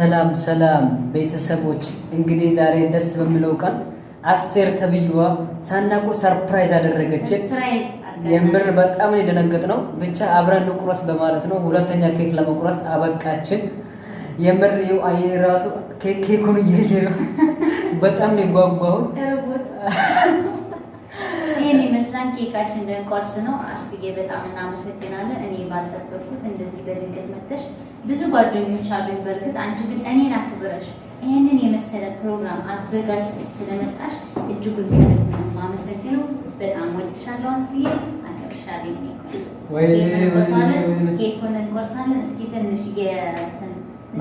ሰላም ሰላም ቤተሰቦች፣ እንግዲህ ዛሬ ደስ በሚለው ቀን አስቴር ተብዬዋ ሳናቁ ሰርፕራይዝ አደረገችን። የምር በጣም የደነገጥ ነው። ብቻ አብረን ቁረስ በማለት ነው ሁለተኛ ኬክ ለመቁረስ አበቃችን። የምር ይኸው አይ ራሱ ኬኩን እያየ ነው። በጣም ነው የጓጓሁት። ሀሰን ካችን ልንቆርስ ነው። አርስዬ በጣም እናመሰግናለን። እኔ ባልጠበቅኩት እንደዚህ በድንገት መተሽ ብዙ ጓደኞች አሉኝ። በእርግጥ አንቺ ግን እኔን አክብረሽ ይህንን የመሰለ ፕሮግራም አዘጋጅተሽ ስለመጣሽ እጅጉን ከልብ ነው የማመሰግነው። በጣም ወድሻለሁ አስዬ፣ አከብርሻለሁ። ኬኩን እንቆርሳለን። እስኪ ትንሽ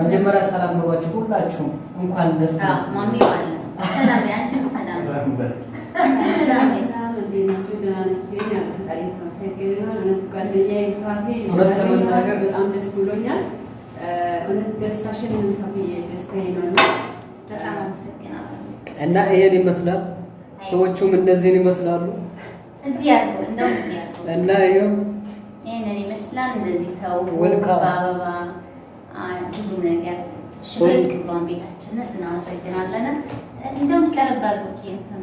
መጀመሪያ ሰላም ኖሯችሁ ሁላችሁ እንኳን ደስ ማሚ ዋለ ሰላም፣ አንቺም ሰላም፣ ያንችም ሰላም ሰላም እንዴናቸው ደህና ናቸው ያለ ፈጣሪ የተመሰገነ ይሁን። እውነት ጓደኛዬ ፋፌ በጣም ደስ ብሎኛል። እውነት ደስታሽን ፋፌ ደስታዬ ነው እና በጣም አመሰግናለሁ። እና ይሄን ይመስላል ሰዎቹም እነዚህን ይመስላሉ። እዚህ ያሉ እንደው እዚህ ያሉ እና ይሄው ይሄንን ይመስላል። እንደዚህ ወልካ በአበባ ሁሉም ነገር ሽብርቅ ብሏን ቤታችንን እናመሰግናለን። እንደውም ቀረባሉ ኬንትን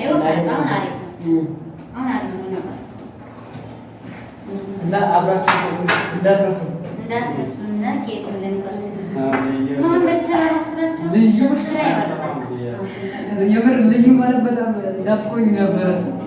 እና የምር ልዩ ማለት በጣም ዳፍቆኝ ነበረ።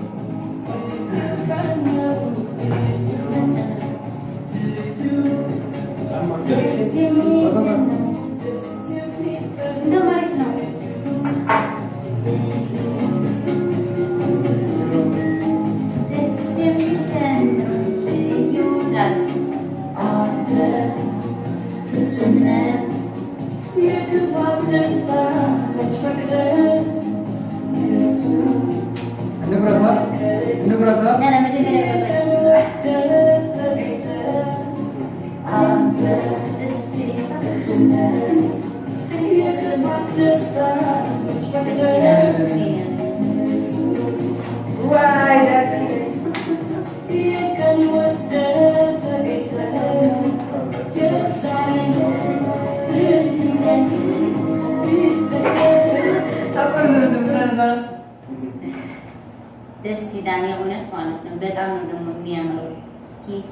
ደስ ይላል የእውነት ማለት ነው። በጣም ነው ደግሞ የሚያምረው ኬክ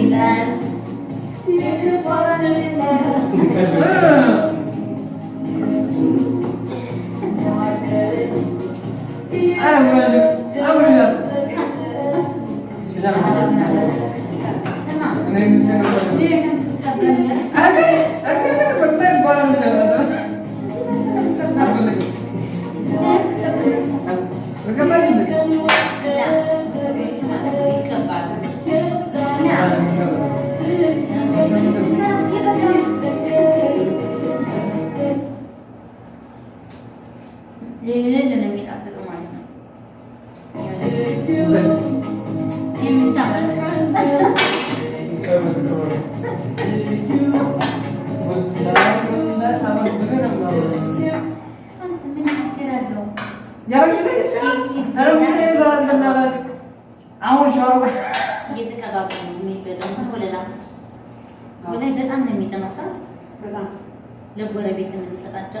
Amen. You can follow me now. ነው የሚጣፍጠው ማለት ነው። በጣም ነው የሚጠማው ለጎረቤት የምንሰጣቸው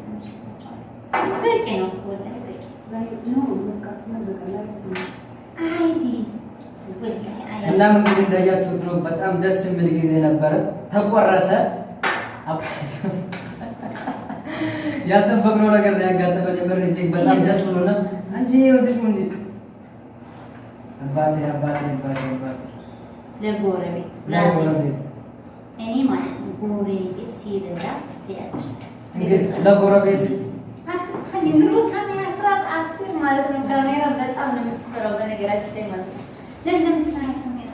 በቂ ነው። እናም እንግዲህ እንዳያችሁት ነው። በጣም ደስ የሚል ጊዜ ነበረ። ተቆረሰ። ያልጠበቅነው ነገር ነው ያጋጠመን። የምር እጅግ በጣም ደስ ብሎና አባቴ አባቴ እኔ ማለት ነው ጎረቤት ሲበላ እንግዲህ ለጎረቤት ኑሮ ካሜራ ፍራት አስር ማለት ነው። ካሜራ በጣም ነው የምትፈራው በነገራችን ላይ ማለት ነው። ለምን ነው የምትፈራው ካሜራ?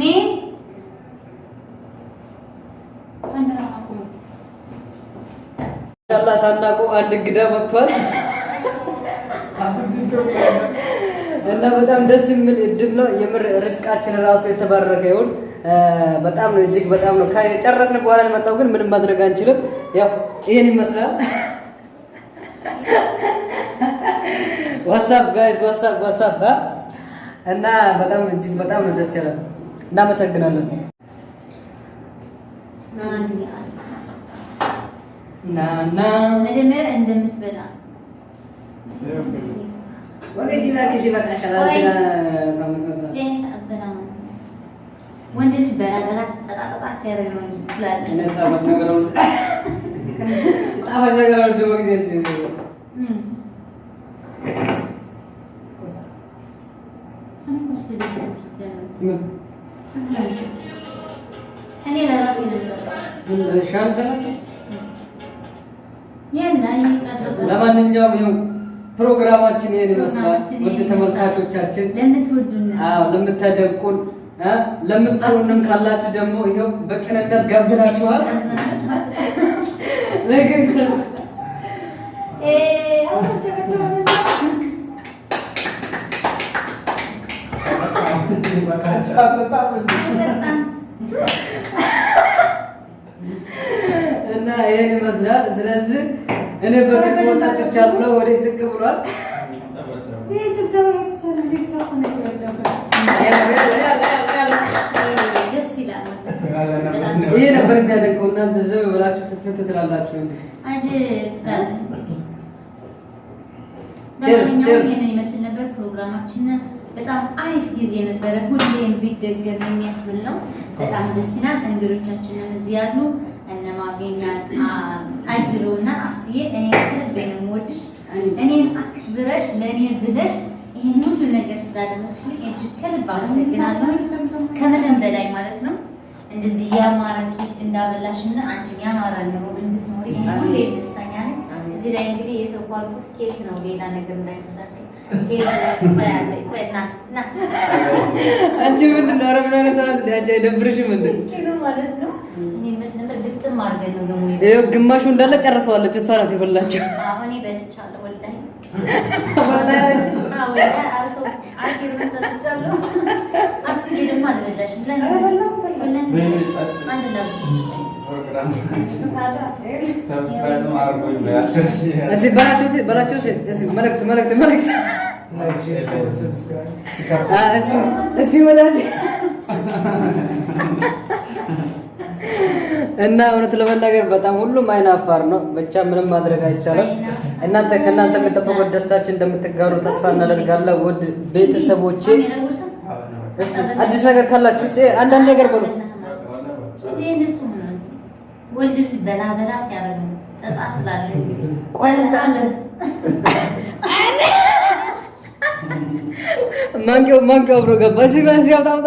ምን ሳናውቅ አንድ እንግዳ መጥቷል እና በጣም ደስ የሚል እድል ነው የምር ርዝቃችን ራሱ የተባረከ ይሁን። በጣም ነው እጅግ በጣም ነው። ከጨረስን በኋላ የመጣው ግን ምንም ማድረግ አንችልም። ያው ይሄን ይመስላል። ዋትስአፕ ጋይስ ዋትስአፕ ዋትሳፕ እና በጣም እጅግ በጣም ነው ደስ ያለን። እናመሰግናለን እና እና መጀመሪያ እንደምትበላ ወደ ጊዜ ወንድ ልጅ በላጠላ ጠጣጠጣ ሲያደርግ ነው እንጂ ጣፋጭ ነገር ነው ደግሞ ጊዜ እኔ ለማንኛውም ፕሮግራማችን ይህን ይመስላል። ውድ ተመልካቾቻችን ለምትወዱና ለምታደንቁን ለምትሆንም ካላችሁ ደግሞ ይሄው በቅንነት ገብዝናችኋል። እና ይህን ይመስላል። ስለዚህ እኔ በቅርብ ትቻል ይቻላል ወደ ትቅ ብሏል። ነበር የሚያደንቀው። እናንተ ዘው ብላችሁ ፍትፍት ትላላችሁ። ይሄንን ይመስል ነበር ፕሮግራማችን። በጣም አሪፍ ጊዜ ነበረ። ሁሌም ቢደገም የሚያስብል ነው። በጣም ደስ ይላል። እንግዶቻችንም እዚህ ያሉ እነማቤና አጅሎ እና አስዬ እኔ ከልቤ ነው የምወድሽ። እኔን አክብረሽ ለእኔ ብለሽ ይህን ሁሉ ነገር ስላደረግሽ እጅግ ከልብ አመሰግናለሁ። ከምንም በላይ ማለት ነው እንደዚህ እንዳበላሽ እንዳበላሽና አንቺም ያማራ ኑሮ እንድትኖሪ ሁሌ ደስተኛ ነኝ። እዚህ ላይ እንግዲህ የተባልኩት ኬክ ነው፣ ሌላ ነገር እንዳይመስላችሁ። ግማሹ እንዳለ ጨርሰዋለች። እሷ ናት የበላቸው። አሁን ወላሂ እዚህ በላቸው በላቸው መልዕክት መልዕክት መልዕክት እዚህ በላቸው እና እውነት ለመናገር በጣም ሁሉም አይን አፋር ነው። ብቻ ምንም ማድረግ አይቻልም። እናንተ ከእናንተ የምጠበቀው ደስታችን እንደምትጋሩ ተስፋ እናደርጋለን። ውድ ቤተሰቦችን አዲስ ነገር ካላችሁ አንዳንድ ነገር በሉ። ማንቂያው ማንቂያው አብሮ ገባ። እዚህ በዚህ አውጣ አውጣ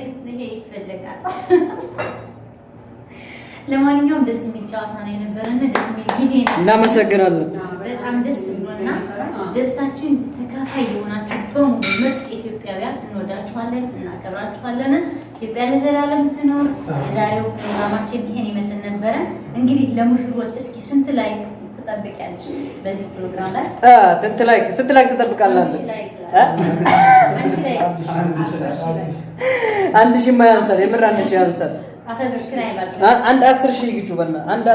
ለማንኛውም ደስ የሚል ጨዋታ ነው የነበረና ደስ የሚል ጊዜ ነው። እናመሰግናለን። በጣም ደስ ብሎና ደስታችን ተካፋይ የሆናችሁ በሙሉ ምርጥ ኢትዮጵያውያን እንወዳችኋለን፣ እናከብራችኋለን። ኢትዮጵያ ለዘላለም ትኖር። የዛሬው ፕሮግራማችን ይሄን ይመስል ነበረ። እንግዲህ ለሙሽሮች እስኪ ስንት ላይክ ትጠብቂያለሽ? በዚህ ፕሮግራም ላይ ስንት ላይክ ስንት ላይክ ትጠብቃለሽ? አንድ ሺህ ያንሳል፣ የምር አንድ ሺህ ያንሳል። አንድ አስር ሺህ ግጩ በእናትህ